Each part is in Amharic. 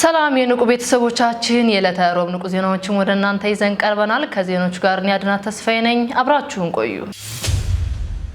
ሰላም የንቁ ቤተሰቦቻችን የዕለተ ሮብ ንቁ ዜናዎችን ወደ እናንተ ይዘን ቀርበናል። ከዜናዎቹ ጋር እኔ አድናት ተስፋዬ ነኝ። አብራችሁን ቆዩ።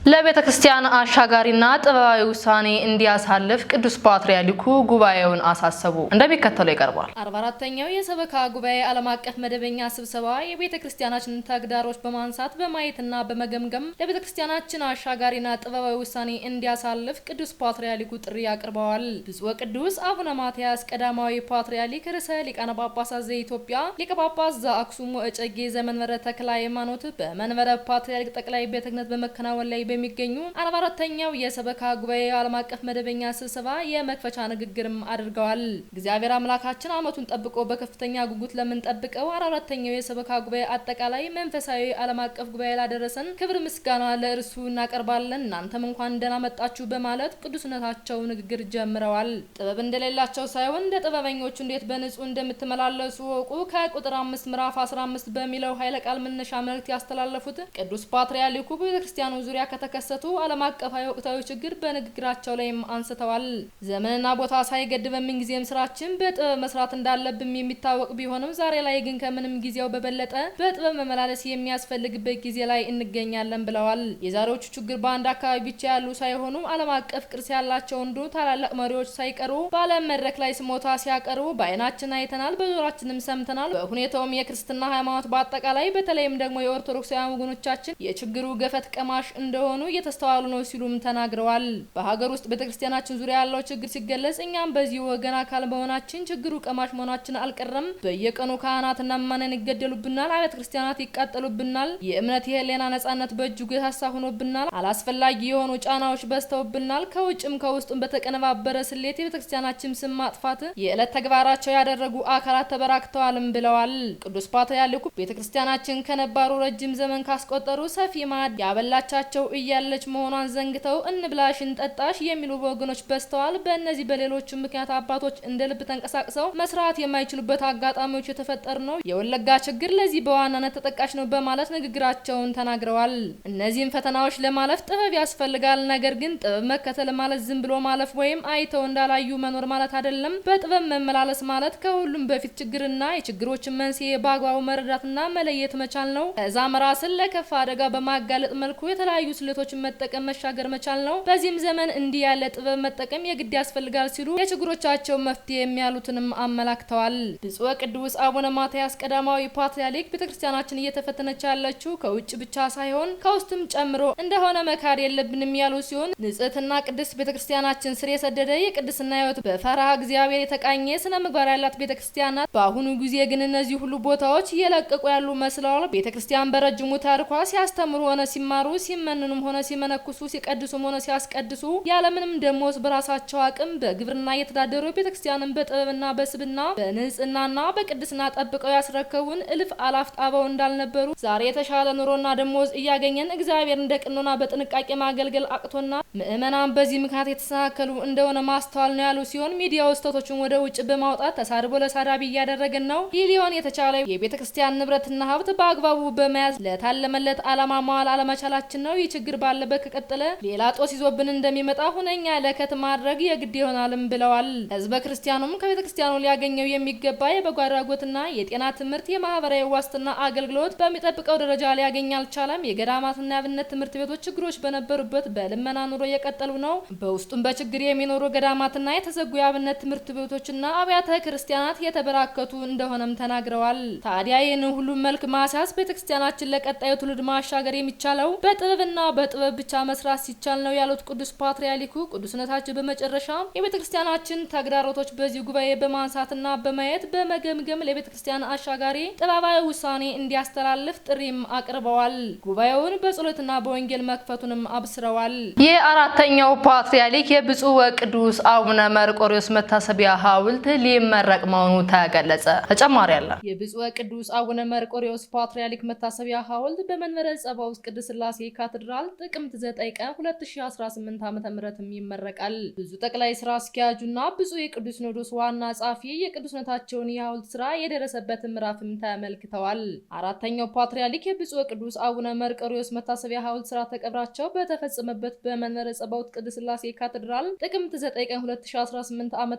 ለቤተ ክርስቲያን አሻጋሪና ጥበባዊ ውሳኔ እንዲያሳልፍ ቅዱስ ፓትርያርኩ ጉባኤውን አሳሰቡ። እንደሚከተለው ይቀርባል። አርባ አራተኛው የሰበካ ጉባኤ ዓለም አቀፍ መደበኛ ስብሰባ የቤተ ክርስቲያናችንን ተግዳሮች በማንሳት በማየትና በመገምገም ለቤተ ክርስቲያናችን አሻጋሪና ጥበባዊ ውሳኔ እንዲያሳልፍ ቅዱስ ፓትርያርኩ ጥሪ አቅርበዋል። ብፁዕ ቅዱስ አቡነ ማትያስ ቀዳማዊ ፓትርያርክ ርዕሰ ሊቃነ ጳጳሳት ዘኢትዮጵያ ሊቀ ጳጳስ ዘአክሱም ወእጨጌ ዘመንበረ ተክለ ሃይማኖት በመንበረ ፓትርያርክ ጠቅላይ ቤተ ክህነት በመከናወን ላይ በሚገኙ አርባ አራተኛው የሰበካ ጉባኤ ዓለም አቀፍ መደበኛ ስብሰባ የመክፈቻ ንግግርም አድርገዋል። እግዚአብሔር አምላካችን ዓመቱን ጠብቆ በከፍተኛ ጉጉት ለምንጠብቀው አርባ አራተኛው የሰበካ ጉባኤ አጠቃላይ መንፈሳዊ ዓለም አቀፍ ጉባኤ ላደረሰን ክብር ምስጋና ለእርሱ እናቀርባለን። እናንተም እንኳን ደህና መጣችሁ በማለት ቅዱስነታቸው ንግግር ጀምረዋል። ጥበብ እንደሌላቸው ሳይሆን እንደ ጥበበኞቹ እንዴት በንጹህ እንደምትመላለሱ ወቁ ከቁጥር አምስት ምዕራፍ 15 በሚለው ኃይለ ቃል መነሻ መልእክት ያስተላለፉት ቅዱስ ፓትርያርኩ ቤተክርስቲያኑ ዙሪያ ከተከሰቱ ዓለም አቀፋዊ ወቅታዊ ችግር በንግግራቸው ላይም አንስተዋል። ዘመንና ቦታ ሳይገድበን ምንጊዜም ስራችን በጥበብ መስራት እንዳለብን የሚታወቅ ቢሆንም ዛሬ ላይ ግን ከምንም ጊዜው በበለጠ በጥበብ መመላለስ የሚያስፈልግበት ጊዜ ላይ እንገኛለን ብለዋል። የዛሬዎቹ ችግር በአንድ አካባቢ ብቻ ያሉ ሳይሆኑ ዓለም አቀፍ ቅርስ ያላቸው እንዱ ታላላቅ መሪዎች ሳይቀሩ በዓለም መድረክ ላይ ስሞታ ሲያቀርቡ በአይናችን አይተናል፣ በዞራችንም ሰምተናል። በሁኔታውም የክርስትና ሃይማኖት በአጠቃላይ በተለይም ደግሞ የኦርቶዶክሳውያን ወገኖቻችን የችግሩ ገፈት ቀማሽ እንደሆኑ እንደሆኑ እየተስተዋሉ ነው ሲሉም ተናግረዋል። በሀገር ውስጥ ቤተክርስቲያናችን ዙሪያ ያለው ችግር ሲገለጽ እኛም በዚህ ወገን አካል መሆናችን ችግሩ ቀማሽ መሆናችን አልቀረም። በየቀኑ ካህናትና ምእመናን ይገደሉብናል፣ አብያተ ክርስቲያናት ይቃጠሉብናል፣ የእምነት የህሊና ነጻነት በእጅጉ የታሳ ሆኖብናል፣ አላስፈላጊ የሆኑ ጫናዎች በዝተውብናል። ከውጭም ከውስጡም በተቀነባበረ ስሌት የቤተክርስቲያናችን ስም ማጥፋት የዕለት ተግባራቸው ያደረጉ አካላት ተበራክተዋልም ብለዋል። ቅዱስ ፓትርያርኩ ቤተክርስቲያናችን ከነባሩ ረጅም ዘመን ካስቆጠሩ ሰፊ ማዕድ ያበላቻቸው እያለች መሆኗን ዘንግተው እንብላሽ እንጠጣሽ የሚሉ ወገኖች በዝተዋል። በእነዚህ በሌሎች ምክንያት አባቶች እንደ ልብ ተንቀሳቅሰው መስራት የማይችሉበት አጋጣሚዎች የተፈጠሩ ነው። የወለጋ ችግር ለዚህ በዋናነት ተጠቃሽ ነው በማለት ንግግራቸውን ተናግረዋል። እነዚህም ፈተናዎች ለማለፍ ጥበብ ያስፈልጋል። ነገር ግን ጥበብ መከተል ማለት ዝም ብሎ ማለፍ ወይም አይተው እንዳላዩ መኖር ማለት አይደለም። በጥበብ መመላለስ ማለት ከሁሉም በፊት ችግርና የችግሮችን መንስኤ በአግባቡ መረዳትና መለየት መቻል ነው። ከዛም ራስን ለከፋ አደጋ በማጋለጥ መልኩ የተለያዩ ስለ ክህሎቶችን መጠቀም መሻገር መቻል ነው። በዚህም ዘመን እንዲህ ያለ ጥበብ መጠቀም የግድ ያስፈልጋል ሲሉ የችግሮቻቸው መፍትሄ የሚያሉትንም አመላክተዋል። ብፁዕ ቅዱስ አቡነ ማትያስ ቀዳማዊ ፓትርያርክ ቤተክርስቲያናችን እየተፈተነች ያለችው ከውጭ ብቻ ሳይሆን ከውስጥም ጨምሮ እንደሆነ መካድ የለብንም ያሉ ሲሆን ንጽህትና ቅድስት ቤተክርስቲያናችን ስር የሰደደ የቅድስና ህይወት በፈሪሃ እግዚአብሔር የተቃኘ ስነ ምግባር ያላት ቤተክርስቲያናት በአሁኑ ጊዜ ግን እነዚህ ሁሉ ቦታዎች እየለቀቁ ያሉ መስለዋል። ቤተክርስቲያን በረጅሙ ታሪኳ ሲያስተምሩ ሆነ ሲማሩ ሲመንኑም ሆነ ሲመነኩሱ፣ ሲቀድሱም ሆነ ሲያስቀድሱ ያለምንም ደሞዝ በራሳቸው አቅም በግብርና እየተዳደሩ ቤተክርስቲያንን በጥበብና በስብና በንጽህናና በቅድስና ጠብቀው ያስረከቡን እልፍ አላፍ ጣበው እንዳልነበሩ ዛሬ የተሻለ ኑሮና ደሞዝ እያገኘን እግዚአብሔር እንደ ቅኖና በጥንቃቄ ማገልገል አቅቶና ምእመናን በዚህ ምክንያት የተሰናከሉ እንደሆነ ማስተዋል ነው ያሉ ሲሆን ሚዲያ ውስተቶችን ወደ ውጭ በማውጣት ተሳድቦ ለሳዳቢ እያደረግን ነው። ይህ ሊሆን የተቻለ የቤተክርስቲያን ንብረትና ሀብት በአግባቡ በመያዝ ለታለመለት አላማ መዋል አለመቻላችን ነው። ይህ ችግር ችግር ባለበት ከቀጠለ ሌላ ጦስ ይዞብን እንደሚመጣ ሁነኛ ለከት ማድረግ የግድ ይሆናልም ብለዋል። ህዝበ ክርስቲያኑም ከቤተ ክርስቲያኑ ሊያገኘው የሚገባ የበጎ አድራጎትና የጤና ትምህርት፣ የማህበራዊ ዋስትና አገልግሎት በሚጠብቀው ደረጃ ሊያገኝ አልቻለም። የገዳማትና የአብነት ትምህርት ቤቶች ችግሮች በነበሩበት በልመና ኑሮ የቀጠሉ ነው። በውስጡም በችግር የሚኖሩ ገዳማትና የተዘጉ የአብነት ትምህርት ቤቶችና አብያተ ክርስቲያናት የተበራከቱ እንደሆነም ተናግረዋል። ታዲያ ይህንን ሁሉም መልክ ማስያዝ ቤተክርስቲያናችን ለቀጣዩ ትውልድ ማሻገር የሚቻለው በጥበብና በጥበብ ብቻ መስራት ሲቻል ነው ያሉት ቅዱስ ፓትርያርኩ ቅዱስነታቸው በመጨረሻ የቤተ ክርስቲያናችን ተግዳሮቶች በዚህ ጉባኤ በማንሳትና በማየት በመገምገም ለቤተ ክርስቲያን አሻጋሪ ጥበባዊ ውሳኔ እንዲያስተላልፍ ጥሪም አቅርበዋል። ጉባኤውን በጸሎትና በወንጌል መክፈቱንም አብስረዋል። የአራተኛው ፓትርያርክ የብፁዕ ወቅዱስ አቡነ መርቆሪዎስ መታሰቢያ ሐውልት ሊመረቅ መሆኑ ተገለጸ። ተጨማሪ አለ። የብፁዕ ወቅዱስ አቡነ መርቆሪዎስ ፓትርያርክ መታሰቢያ ሐውልት በመንበረ ጸባኦት ቅድስት ሥላሴ ካቴድራል ጄኔራል ጥቅምት 9 ቀን 2018 ዓ.ም ይመረቃል። ብዙ ጠቅላይ ስራ አስኪያጁና ብዙ የቅዱስ ሲኖዶስ ዋና ጸሐፊ የቅዱስነታቸውን የሐውልት ስራ የደረሰበት ምዕራፍም ተመልክተዋል። አራተኛው ፓትርያርክ የብፁዕ ቅዱስ አቡነ መርቆሬዎስ መታሰቢያ ሐውልት ስራ ተቀብራቸው በተፈጸመበት በመንበረ ጸባኦት ቅድስት ሥላሴ ካቴድራል ጥቅምት 9 ቀን 2018 ዓ.ም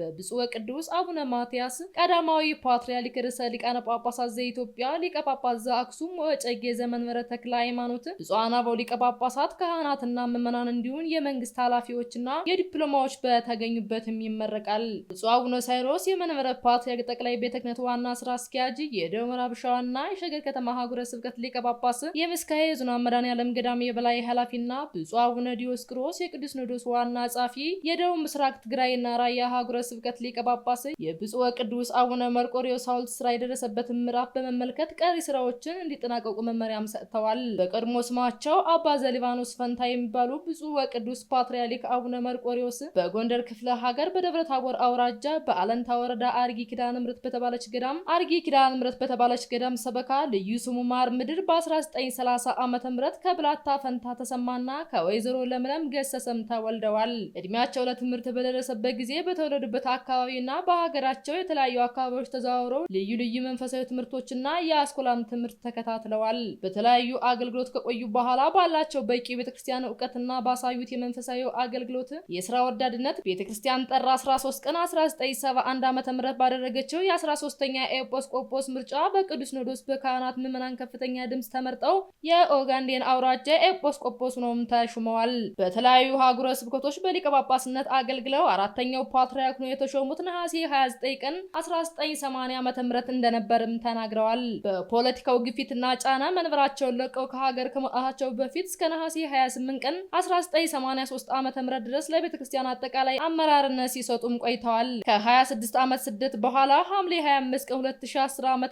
በብፁዕ ቅዱስ አቡነ ማትያስ ቀዳማዊ ፓትርያርክ ርዕሰ ሊቃነ ጳጳሳት ዘኢትዮጵያ ሊቀ ጳጳስ ዘአክሱም ወዕጨጌ ዘመንበረ ተክለ ሃይማኖት ብፁዓን አበው ሊቀ ጳጳሳት፣ ካህናትና ምዕመናን እንዲሁም የመንግስት ኃላፊዎችና የዲፕሎማዎች በተገኙበትም ይመረቃል። ብፁዕ አቡነ ሳይሮስ የመንበረ ፓትርያርክ ጠቅላይ ቤተ ክህነት ዋና ስራ አስኪያጅ፣ የደቡብ ምዕራብ ሸዋና የሸገር ከተማ ሀገረ ስብከት ሊቀ ጳጳስ፣ የምስካየ ኅዙናን መድኃኔዓለም ገዳም የበላይ ኃላፊና ብፁዕ አቡነ ዲዮስቆሮስ የቅዱስ ሲኖዶስ ዋና ጻፊ፣ የደቡብ ምስራቅ ትግራይና ራያ ሀገረ ስብከት ሊቀ ጳጳስ፣ የብፁዕ ወቅዱስ አቡነ መርቆሬዎስ ሐውልት ስራ የደረሰበትን ምዕራፍ በመመልከት ቀሪ ስራዎችን እንዲጠናቀቁ መመሪያም ሰጥተዋል። በቀድሞ ስማቸው አባ ዘሊባኖስ ፈንታ የሚባሉ ብፁዕ ወቅዱስ ፓትርያርክ አቡነ መርቆሪዎስ በጎንደር ክፍለ ሀገር በደብረ ታቦር አውራጃ በአለንታ ወረዳ አርጊ ኪዳነ ምሕረት በተባለች ገዳም አርጊ ኪዳነ ምሕረት በተባለች ገዳም ሰበካ ልዩ ስሙ ማር ምድር በ1930 ዓ ም ከብላታ ፈንታ ተሰማና ከወይዘሮ ለምለም ገሰሰም ተወልደዋል። እድሜያቸው ለትምህርት በደረሰበት ጊዜ በተወለዱበት አካባቢና በሀገራቸው የተለያዩ አካባቢዎች ተዘዋውረው ልዩ ልዩ መንፈሳዊ ትምህርቶችና የአስኮላም ትምህርት ተከታትለዋል። በተለያዩ አገልግሎት ከቆዩ በኋላ ባላቸው በቂ ቤተክርስቲያን እውቀትና ባሳዩት የመንፈሳዊ አገልግሎት የስራ ወዳድነት ቤተክርስቲያን ጥር 13 ቀን 1971 ም ባደረገችው የ13ኛ ኤጲስቆጶስ ምርጫ በቅዱስ ሲኖዶስ በካህናት ምዕመናን ከፍተኛ ድምፅ ተመርጠው የኦጋንዴን አውራጃ ኤጲስቆጶስ ሆነውም ተሹመዋል። በተለያዩ ሀገረ ስብከቶች በሊቀ ጳጳስነት አገልግለው አራተኛው ፓትርያርክ ነው የተሾሙት ነሐሴ 29 ቀን 1980 ዓ.ም እንደነበርም ተናግረዋል። በፖለቲካው ግፊትና ጫና መንበራቸውን ለቀው ከሀገር ከመውጣታቸው በፊት በፊት እስከ ነሐሴ 28 ቀን 1983 ዓ ም ድረስ ለቤተ ክርስቲያን አጠቃላይ አመራርነት ሲሰጡም ቆይተዋል። ከ26 ዓመት ስደት በኋላ ሐምሌ 25 ቀን 2010 ዓ ም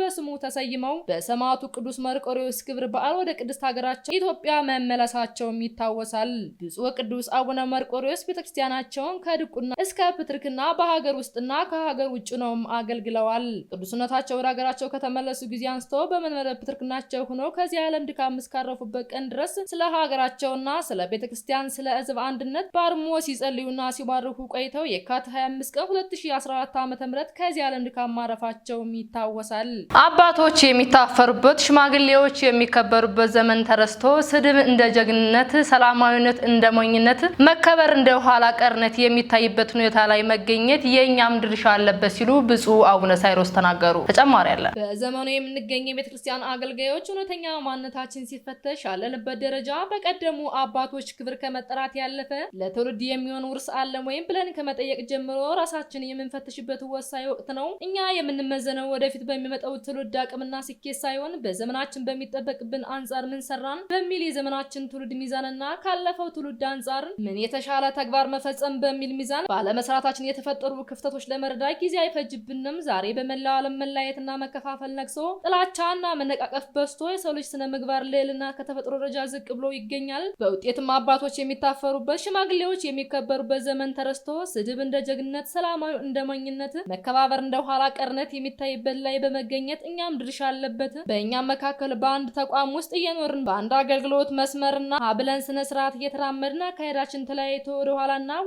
በስሙ ተሰይመው በሰማዕቱ ቅዱስ መርቆሬዎስ ክብር በዓል ወደ ቅድስት ሀገራቸው ኢትዮጵያ መመለሳቸውም ይታወሳል። ብፁዕ ቅዱስ አቡነ መርቆሬዎስ ቤተክርስቲያናቸውን ከድቁና እስከ ፕትርክና በሀገር ውስጥና ከሀገር ውጭ ነውም አገልግለዋል። ቅዱስነታቸው ወደ ሀገራቸው ከተመለሱ ጊዜ አንስቶ በመንበረ ፕትርክናቸው ሆኖ ከዚህ ዓለም ድካም እስካረፉበት ቀን ድረስ ስለ ሀገራቸውና ስለ ቤተ ክርስቲያን፣ ስለ ህዝብ አንድነት በአርሞ ሲጸልዩና ሲባርኩ ቆይተው የካቲት 25 ቀን 2014 ዓ.ም ከዚህ ዓለም ድካም ማረፋቸውም ይታወሳል። አባቶች የሚታፈሩበት፣ ሽማግሌዎች የሚከበሩበት ዘመን ተረስቶ ስድብ እንደ ጀግንነት፣ ሰላማዊነት እንደ ሞኝነት፣ መከበር እንደ ኋላ ቀርነት የሚታይበት ሁኔታ ላይ መገኘት የእኛም ድርሻ አለበት ሲሉ ብፁዕ አቡነ ሳይሮስ ተናገሩ። ተጨማሪ አለ። በዘመኑ የምንገኝ የቤተክርስቲያን አገልጋዮች እውነተኛ ማንነታችን ሲፈተሽ አለ በደረስንበት ደረጃ በቀደሙ አባቶች ክብር ከመጠራት ያለፈ ለትውልድ የሚሆን ውርስ አለም ወይም ብለን ከመጠየቅ ጀምሮ ራሳችን የምንፈትሽበት ወሳኝ ወቅት ነው። እኛ የምንመዘነው ወደፊት በሚመጣው ትውልድ አቅምና ስኬት ሳይሆን በዘመናችን በሚጠበቅብን አንጻር ምን ሰራን በሚል የዘመናችን ትውልድ ሚዛንና ካለፈው ትውልድ አንጻር ምን የተሻለ ተግባር መፈጸም በሚል ሚዛን ባለመስራታችን የተፈጠሩ ክፍተቶች ለመረዳት ጊዜ አይፈጅብንም። ዛሬ በመላው ዓለም መለያየትና መከፋፈል ነግሶ ጥላቻና መነቃቀፍ በዝቶ የሰው ልጅ ስነ ምግባር ልዕልና ከተፈጥሮ ደረጃ ዝቅ ብሎ ይገኛል። በውጤትም አባቶች የሚታፈሩበት፣ ሽማግሌዎች የሚከበሩበት ዘመን ተረስቶ ስድብ እንደ ጀግንነት፣ ሰላማዊ እንደ ሞኝነት፣ መከባበር እንደ ኋላ ቀርነት የሚታይበት ላይ በመገኘት እኛም ድርሻ አለበት። በእኛም መካከል በአንድ ተቋም ውስጥ እየኖርን በአንድ አገልግሎት መስመርና አብለን ስነ ስርዓት እየተራመድን አካሄዳችን ተለያይቶ ወደ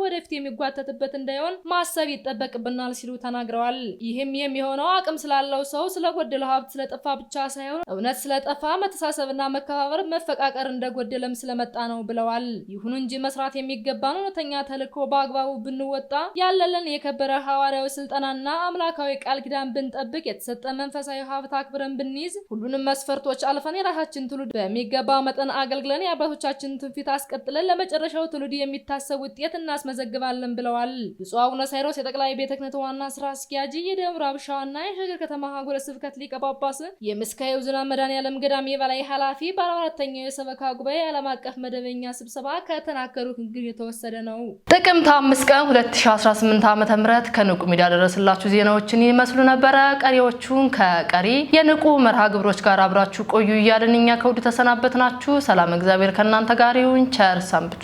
ወደፊት የሚጓተትበት እንዳይሆን ማሰብ ይጠበቅብናል ሲሉ ተናግረዋል። ይህም የሚሆነው አቅም ስላለው ሰው፣ ስለጎደለው ሀብት፣ ስለጠፋ ብቻ ሳይሆን እውነት ስለጠፋ መተሳሰብና መከባበር መፈቃ መፈቃቀር እንደጎደለም ስለመጣ ነው ብለዋል። ይሁን እንጂ መስራት የሚገባን እውነተኛ ተልእኮ በአግባቡ ብንወጣ ያለለን የከበረ ሐዋርያዊ ስልጠናና አምላካዊ ቃል ኪዳን ብንጠብቅ የተሰጠ መንፈሳዊ ሀብት አክብረን ብንይዝ ሁሉንም መስፈርቶች አልፈን የራሳችን ትውልድ በሚገባ መጠን አገልግለን የአባቶቻችን ትውፊት አስቀጥለን ለመጨረሻው ትውልድ የሚታሰብ ውጤት እናስመዘግባለን ብለዋል። ብፁዕ አቡነ ሳይሮስ የጠቅላይ ቤተ ክህነት ዋና ስራ አስኪያጅ፣ የደቡብ አብሻዋና የሸገር ከተማ ሀገረ ስብከት ሊቀ ጳጳስ፣ የምስካየ ውዝና መድኃኔዓለም ገዳም የበላይ ኃላፊ፣ ባለአራተኛው የሰበካ ጉባኤ ዓለም አቀፍ መደበኛ ስብሰባ ከተናገሩት ንግግር የተወሰደ ነው። ጥቅምት አምስት ቀን 2018 ዓ ም ከንቁ ሚዲያ ደረስላችሁ ዜናዎችን ይመስሉ ነበረ። ቀሪዎቹን ከቀሪ የንቁ መርሃ ግብሮች ጋር አብራችሁ ቆዩ እያልን እኛ ከውድ ተሰናበት ናችሁ። ሰላም እግዚአብሔር ከእናንተ ጋር ይሁን። ቸር ሰንብቱ።